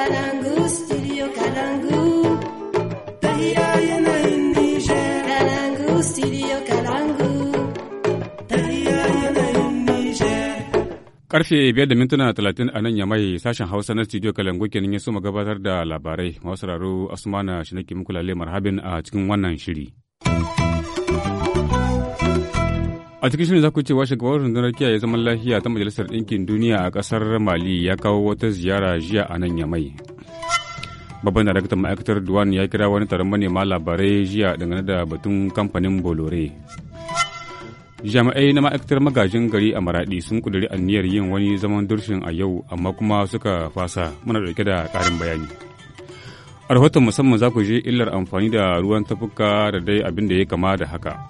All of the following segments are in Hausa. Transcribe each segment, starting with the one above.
Kalangu, Kalangu. Karfe biyar da mintuna talatin a nan ya yamai sashen Hausa na studio Kalangu kenan ya so gabatar da labarai. Masu raro Asmana Shinaki Mukulale marhabin a cikin wannan shiri. a cikin shirin za ku washe shugaban rundunar kiyaye zaman lafiya ta majalisar ɗinkin duniya a ƙasar mali ya kawo wata ziyara jiya a nan yamai babban daraktan ma'aikatar duwan ya kira wani taron manema labarai jiya dangane da batun kamfanin bolore jami'ai na ma'aikatar magajin gari a maraɗi sun kuduri aniyar yin wani zaman durshin a yau amma kuma suka fasa muna dauke da ƙarin bayani a rahoton musamman za ku je illar amfani da ruwan tafuka da dai abin da ya kama da haka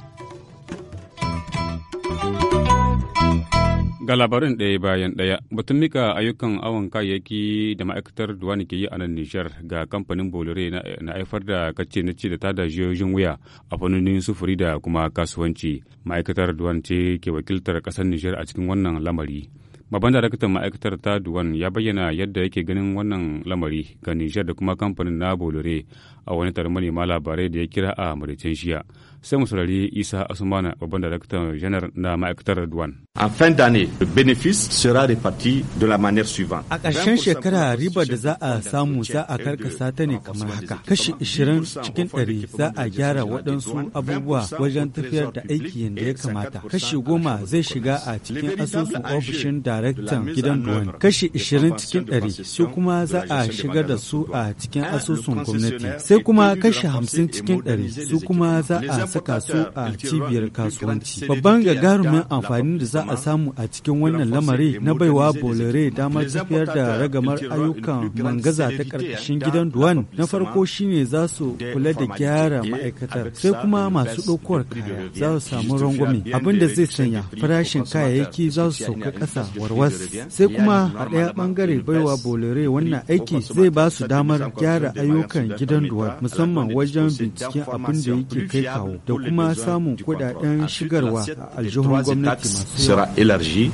Ga labarin ɗaya bayan ɗaya, batun mika ayyukan awon kayayyaki da ma'aikatar duwani ke yi a nan Nijar ga kamfanin Bolore na haifar da kacce na ce da tada jiyoyin wuya a fannonin sufuri da kuma kasuwanci. Ma'aikatar duwan ce ke wakiltar ƙasar Nijar a cikin wannan lamari. Babban daraktan ma'aikatar ta duwan ya bayyana yadda yake ganin wannan lamari ga Nijar da kuma kamfanin na Bolore a wani taron manema labarai da ya kira a Mauritania jiya. Sai mu saurari Isa Asumana babban daraktan janar na ma'aikatar Duwan. A fin d'année, le bénéfice sera de la manière suivante. A ƙarshen shekara ribar da za a samu za a karkasa ta ne kamar haka. Kashi 20 cikin 100 za a gyara waɗansu abubuwa wajen tafiyar da aiki yadda ya kamata. Kashi goma zai shiga a cikin asusun ofishin daraktan gidan Duwan. Kashi 20 cikin 100 su kuma za a shigar da su a cikin asusun gwamnati. Sai kuma kashe hamsin cikin ɗari su kuma za a saka su a cibiyar kasuwanci. Babban gagarumin amfani da za a samu a cikin wannan lamari na baiwa bolare damar tafiyar da ragamar ayyukan mangaza ta ƙarƙashin gidan Duwan na farko shine za su kula da gyara ma'aikatar sai kuma masu ɗaukowar kaya za su samu rangwame abin da zai sanya farashin kayayyaki za su sauka ƙasa warwas sai kuma a ɗaya ɓangare baiwa bolare wannan aiki zai ba su damar gyara ayyukan gidan Duwan sadarwar musamman wajen binciken abin da yake kai kawo da kuma samun kudaden shigarwa a aljihun gwamnati masu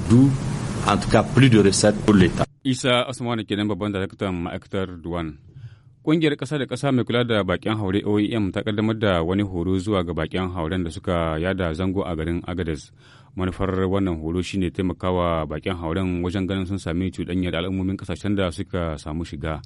en tout cas plus de recettes pour l'État. Isa babban daraktan ma'aikatar Duwan. Ƙungiyar ƙasa da ƙasa mai kula da baƙin haure OEM ta kaddamar da wani horo zuwa ga baƙin hauren da suka yada zango a garin Agadez. Manufar wannan horo shine taimakawa baƙin hauren wajen ganin sun sami cuɗanyar al'ummomin ƙasashen da suka samu shiga.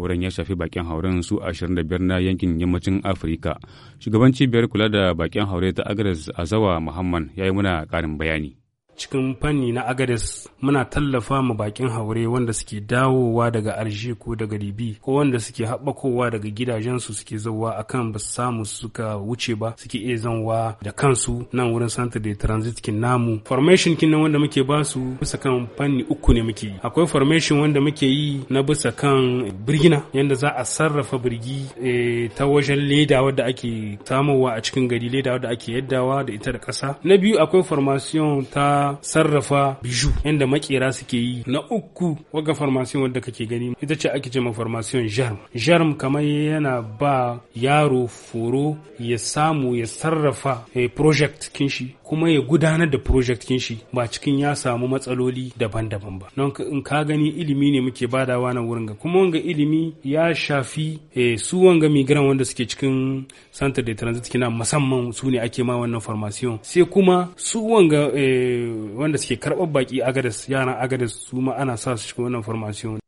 Horon ya shafi bakin hauren su ashirin biyar na yankin yammacin Afirka. Shugaban cibiyar kula da bakin haure ta Agadez Azawa Muhammad ya yi muna ƙarin bayani. cikin fanni na agades muna tallafa ma bakin haure wanda suke dawowa daga arje ko daga ribi ko wanda suke haɓakowa daga gidajensu suke zauwa a kan ba su samu suka wuce ba suke iya zanwa da kansu nan wurin santa da transit kin namu formation kin wanda muke ba su bisa kan fanni uku ne muke yi akwai formation wanda muke yi na bisa kan birgina yanda za a sarrafa birgi eh, ta wajen leda wadda ake samowa a cikin gari leda wadda ake yaddawa da ita da ƙasa na biyu akwai formation ta sarrafa biju inda makera suke yi na uku waga farmasiyon wadda kake gani ita ce ake ce ma farmasiyon jarm jarm kamar yana ba yaro foro ya samu ya sarrafa eh, project kinshi kuma ya gudanar da project kin shi ba cikin ya samu matsaloli daban-daban ba don in ka gani ilimi ne muke badawa nan wurin ga kuma wanga ilimi ya shafi eh, su wanga migran wanda suke cikin center de transit kina musamman su ne ake ma wannan formation sai kuma su wanga eh, wanda suke karɓar baki agadas yaran agadas su ma ana sa su cikin wannan formation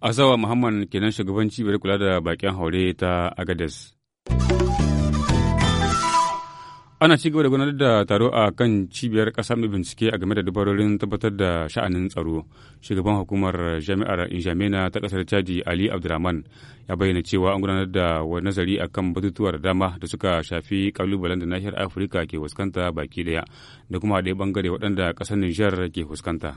asawa muhammad kenan shugabanci bari kula da bakin haure ta agadas ana ci gaba da gudanar da taro a kan cibiyar ƙasa mai bincike a game da dabarorin tabbatar da sha'anin tsaro shugaban hukumar jami'ar injamena ta ƙasar chadi ali abdulrahman ya bayyana cewa an gudanar da wani nazari a kan batutuwa da dama da suka shafi kalubalen da nahiyar afirka ke fuskanta baki ɗaya da kuma haɗe bangare waɗanda ƙasar nijar ke fuskanta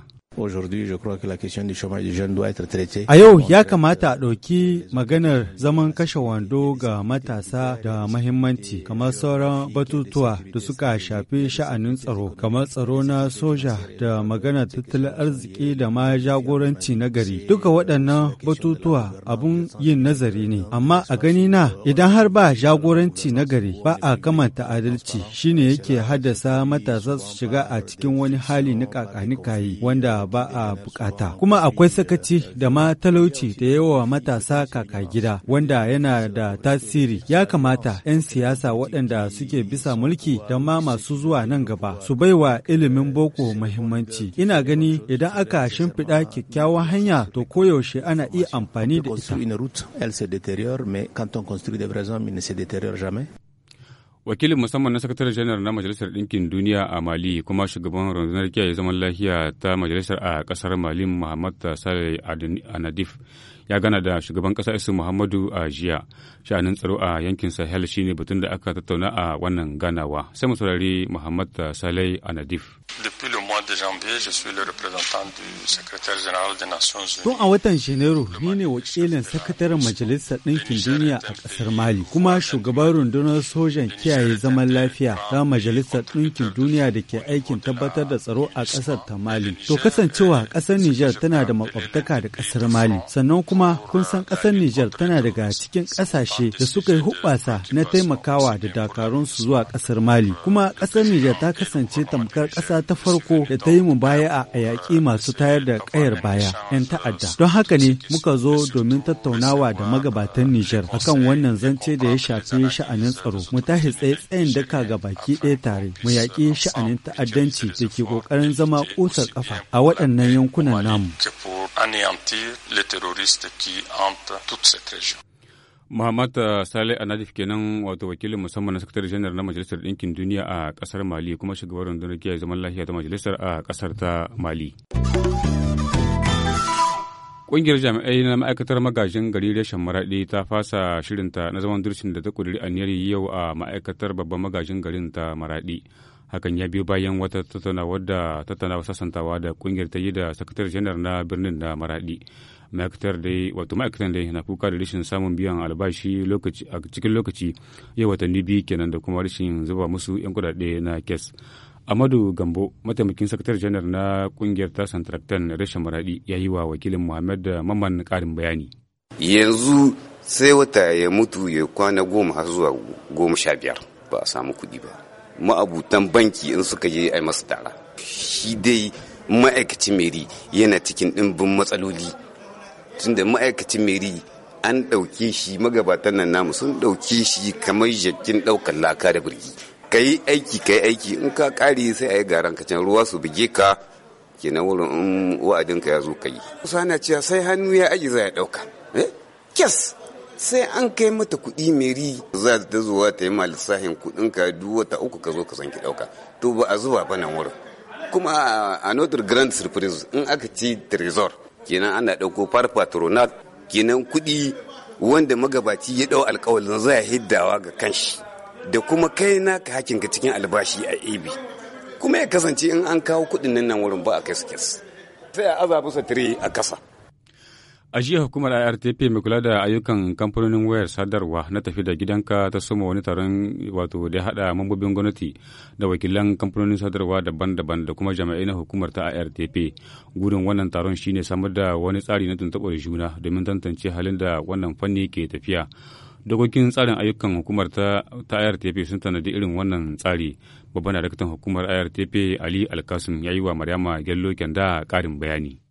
A yau ya kamata a ɗauki maganar zaman kashe wando ga matasa da mahimmanci kamar sauran batutuwa da suka shafi sha'anin tsaro kamar tsaro na soja da maganar tattalin arziki da ma jagoranci nagari gari. Duka waɗannan batutuwa abun yin nazari ne. Amma a gani na idan har ba jagoranci nagari ba a kamanta adalci shine yake haddasa matasa su shiga a cikin wani hali na kakanikayi wanda ba a bukata. Kuma akwai sakaci da ma talauci da yawa matasa kaka gida wanda yana da tasiri. Ya kamata 'yan siyasa waɗanda suke bisa mulki da ma masu zuwa nan gaba su baiwa ilimin boko muhimmanci. Ina gani idan aka shimfiɗa kyakkyawan hanya to koyaushe ana iya amfani da ita. wakilin musamman na sakataren janar na majalisar ɗinkin duniya a mali kuma shugaban rundunar kiyaye zaman lafiya ta majalisar a ƙasar mali muhammad sale anadif ya gana da shugaban ƙasa isu muhammadu a jiya sha'anin tsaro a yankin sahel shine batun da aka tattauna a wannan ganawa sai mu saurari muhammad sale anadif Tun a watan Janairu ni ne wakilin sakataren Majalisar Ɗinkin Duniya a ƙasar Mali, kuma shugaban rundunar sojan kiyaye zaman lafiya ta Majalisar Ɗinkin Duniya da ke aikin tabbatar da tsaro a ƙasar ta Mali. To kasancewa ƙasar Nijar tana da makwabtaka da ƙasar Mali, sannan kuma kun san ƙasar Nijar tana daga cikin ƙasashe da suka yi hubbasa na taimakawa da dakarunsu zuwa ƙasar Mali, kuma ƙasar Nijar ta kasance tamkar ƙasa ta farko da ta mu baya a yaƙi masu tayar da ƙayar baya 'yan ta'adda. Don haka ne muka zo domin tattaunawa da magabatan Nijar akan wannan zance da ya shafi sha'anin tsaro. Mu tashi tsaye tsayin daka ga baki ɗaya tare mu yaƙi sha'anin ta'addanci da ke ƙoƙarin zama ƙusar ƙafa a waɗannan yankunan namu. Muhammad eh, Saleh Anadif kenan wato wakilin musamman na sakatare janar na Majalisar Ɗinkin Duniya a ƙasar Mali kuma shugaban rundunar kiyaye zaman lafiya ta majalisar a ƙasar ta Mali. Ƙungiyar jami'ai na ma'aikatar magajin gari reshen maraɗi ta fasa shirinta na zaman durcin da ta ƙudiri aniyar yau a ma'aikatar babban magajin garin ta maraɗi. Hakan ya biyo bayan wata tattaunawa da tattaunawa sasantawa da ƙungiyar ta yi da sakatare janar na birnin na maraɗi. ma'aikatar da wato ma'aikatan dai na kuka da rashin samun biyan albashi lokaci a cikin lokaci yau watanni biyu kenan da kuma rashin zuba musu yan kudade na kes amadu gambo mataimakin sakatar janar na kungiyar tasan traktan rashin maradi ya yi wa wakilin muhammad mamman karin bayani yanzu sai wata ya mutu ya kwana goma har zuwa goma sha biyar ba a samu kuɗi ba ma'abutan banki in suka je ai masu tara shi dai ma'aikacin meri yana cikin ɗimbin matsaloli tunda ma'aikacin meri an ɗauke shi magabatan nan namu sun ɗauke shi kamar jakin ɗaukar laka da birgi ka yi aiki ka yi aiki in ka ƙare sai a yi garan ka can ruwa su buge ka kenan wurin in wa'adin ka ya zo ka yi wasu ana cewa sai hannu ya aji za ya ɗauka eh? kyas sai an kai mata kuɗi meri za ta zuwa ta yi ma lissafin kuɗin ka duk wata uku ka zo ka san ki ɗauka to ba a zuba ba nan wurin kuma a notre grand surprise in aka ci trésor kenan ana ɗauko far patronat kenan kuɗi wanda magabaci ya ɗau alkawalin zai hiddawa ga kanshi da kuma kai na ka hakinka cikin albashi a ebi kuma ya kasance in an kawo kuɗin nan wurin ba a kai su sai a azabu satire a kasa A jiya hukumar IRTP mai kula da ayyukan kamfanonin wayar sadarwa na tafi da gidanka ta soma wani taron wato da haɗa mambobin gwamnati da wakilan kamfanonin sadarwa daban-daban da kuma jami'ai na hukumar ta IRTP. Gudun wannan taron shine samar da wani tsari na tuntuɓar juna domin tantance halin da wannan fanni ke tafiya. dokokin tsarin ayyukan hukumar ta, ta irtp sun tanadi irin wannan tsari babban daraktan hukumar irtp ali alkasim ya yi wa maryama gello kenda karin bayani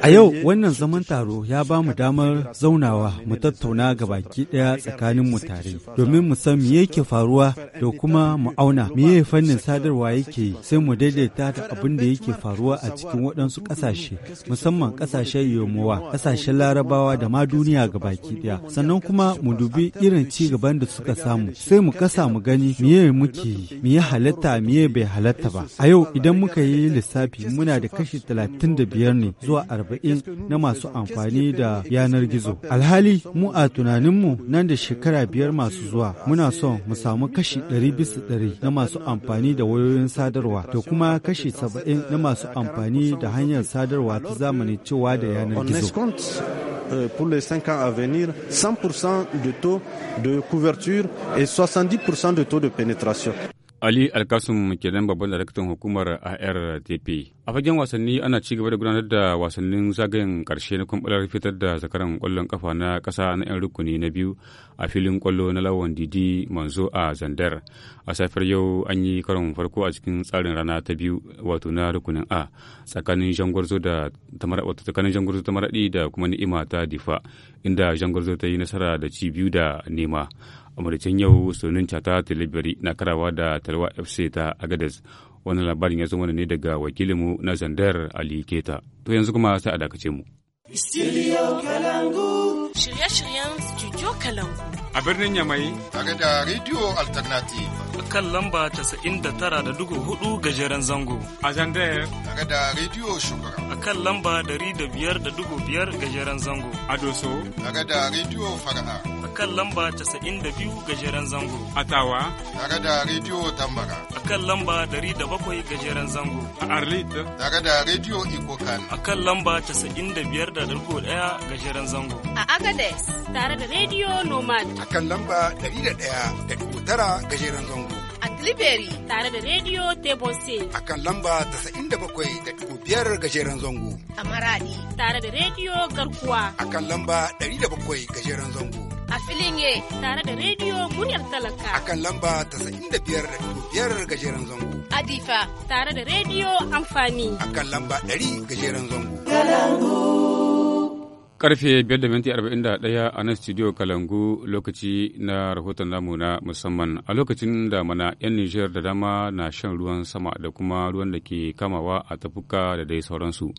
A yau wannan zaman taro ya ba mu damar zaunawa mu tattauna ga baki ɗaya tsakanin mu tare domin mu san me yake faruwa da kuma mu auna me fannin sadarwa yake sai mu daidaita da abin da yake faruwa a cikin waɗansu ƙasashe musamman ƙasashen yomowa ƙasashen larabawa da ma duniya ga baki ɗaya sannan kuma mu dubi irin ci gaban da suka samu sai mu kasa mu gani miye muke yi halatta miye bai halatta ba a yau idan muka yi yi lissafi muna da kashi 35 ne zuwa 40 na masu amfani da yanar gizo. Alhali mu a tunaninmu nan da shekara biyar masu zuwa muna son mu samu kashi 100 na masu amfani da wayoyin sadarwa da kuma kashi 70 na masu amfani da hanyar sadarwa ta zamani cewa da yanar gizo. Euh, pour les 5 ans à venir 100% de taux de couverture et 70% de taux de pénétration. Ali Alkasum kenan babban daraktan hukumar ARDP A fagen wasanni ana ci gaba da gudanar da wasannin zagayen karshe na kwamfalar fitar da zakaran kwallon kafa na kasa na 'yan rukuni na biyu a filin kwallo na lawan Didi Manzo a Zandar. A safiyar yau an yi karon farko a cikin tsarin rana ta biyu wato na rukunin A tsakanin Jangwarzo da tsakanin Jangwarzo ta Maradi da kuma Ni'ima ta Difa inda Jangwarzo ta yi nasara da ci biyu da nema. a yau sunan cata talibiri na karawa da talwa fc ta agadez wannan labarin ya zama mana ne daga wakilinmu na zandar ali keta to yanzu kuma sai a dakace mu Kalangu. Shirye-shiryen Studio Kalangu. A birnin Yamai. Tare da Radio Alternative. kan lamba 99.4 gajeren zango. A Zandayar. Daga da Radio Shugaba. A kan lamba 105.5 gajeren zango. A Doso. Daga da Radio Fara'a. kan lamba 92 gajeren zango. a Atawa. Daga da Radio Tambara. A kan lamba 107 gajeren zango. A Arlit. Daga da Radio Ikokan. A kan lamba 95.1 gajeren zango. A Agades. Tare da Radio Nomad. A kan lamba 101.9 gajeren zango. Liberi tare da Radio Table A kan lamba 97.5 gajeren zango. A Maradi tare da Radio Garkuwa. A kan lamba 107 gajeren zango. A Filinge tare da Radio Muryar Talaka. A kan lamba 95.5 gajeren zango. A Difa tare da Radio Amfani. A kan lamba 100 gajeren zango. Galangu. Karfe 5.41 a nan studio Kalangu lokaci na rahoton namu na musamman a lokacin damana 'yan Nijar da dama na shan ruwan sama da kuma ruwan da ke kamawa a tafuka da dai sauransu.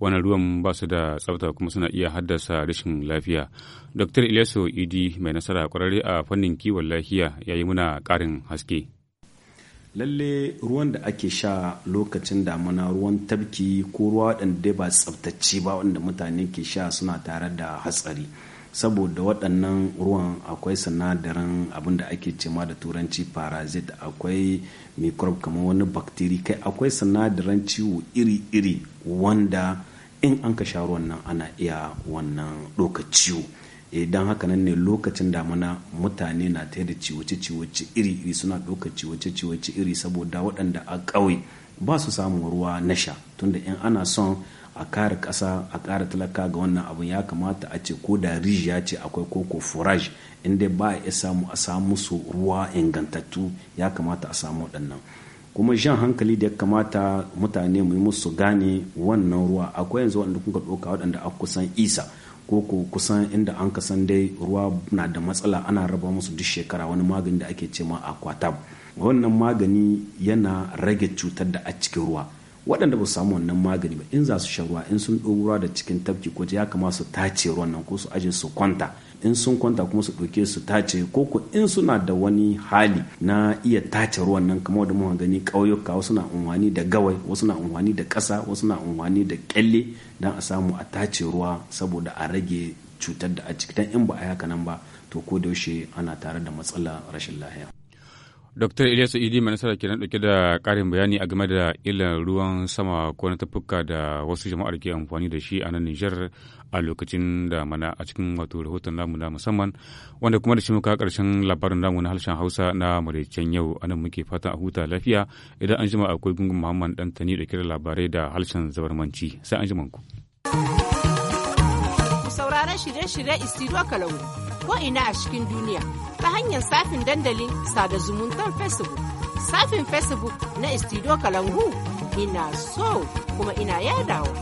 Wannan ruwan ba su da tsafta kuma suna iya haddasa rashin lafiya. Dr. Ilyasu Idi mai nasara kwararre a fannin kiwon lafiya ya yi muna ƙarin haske. lalle ruwan da ake sha lokacin damuna ruwan tabki ko ruwa waɗanda ba tsabtacce ba waɗanda mutane ke sha suna tare da hatsari saboda waɗannan ruwan akwai sinadarin abin da ake cema da turanci parasite akwai microbe kamar wani bakteri kai akwai sinadarin ciwo iri-iri wanda in an ka sha ruwan nan ana iya wannan ɗoka ciwo Eh, don haka nan ne lokacin damuna mutane na ta da ciwace-ciwace iri-iri suna ɗaukar ciwace-ciwace iri saboda waɗanda a ƙauye ba su samun ruwa na sha tunda in ana son a kare ƙasa a ƙara talaka ga wannan abin ya kamata a ce ko da rijiya ce akwai koko forage inda ba a iya samu a samu su ruwa ingantattu ya kamata a samu waɗannan kuma jan hankali da ya kamata mutane mu yi musu gane wannan ruwa akwai yanzu waɗanda kuka ɗauka waɗanda a kusan isa ko ku kusan inda an ka san dai ruwa na da matsala ana raba musu duk shekara wani magani da ake ce ma aquatab wannan magani yana rage cutar da a cikin ruwa waɗanda ba su samu wannan magani ba in za su sha ruwa in sun ɗau ruwa da cikin tafki ko ya kamata su tace ruwan nan ko su aje su kwanta in sun kwanta kuma su ɗauke su tace ko ko in suna da wani hali na iya tace ruwan nan kamar da muka gani ƙauyuka wasu na unwani da gawai wasu na unwani da ƙasa wasu na unwani da ƙyalle don a samu a tace ruwa saboda a rage cutar da a cikin in ba a haka nan ba to ko da yaushe ana tare da matsala rashin lahiya Dr. Ilyasu Idi mai nasara kenan dauke da karin bayani a game da illar ruwan sama ko na tafuka da wasu jama'ar ke amfani da shi a nan Nijar a lokacin da mana a cikin wato rahoton namu na musamman wanda kuma da shi muka karshen labarin namu na harshen Hausa na maraicen yau a nan muke fatan a huta lafiya idan an jima akwai gungun Muhammad dauke da labarai da harshen zabarmanci sai an jima ku. Sauraron shirye-shirye Istiro Kalau ko ina a cikin duniya ta hanyar safin dandalin sada zumuntar Facebook. Safin Facebook na Istido Kalangu ina so kuma ina yadawa.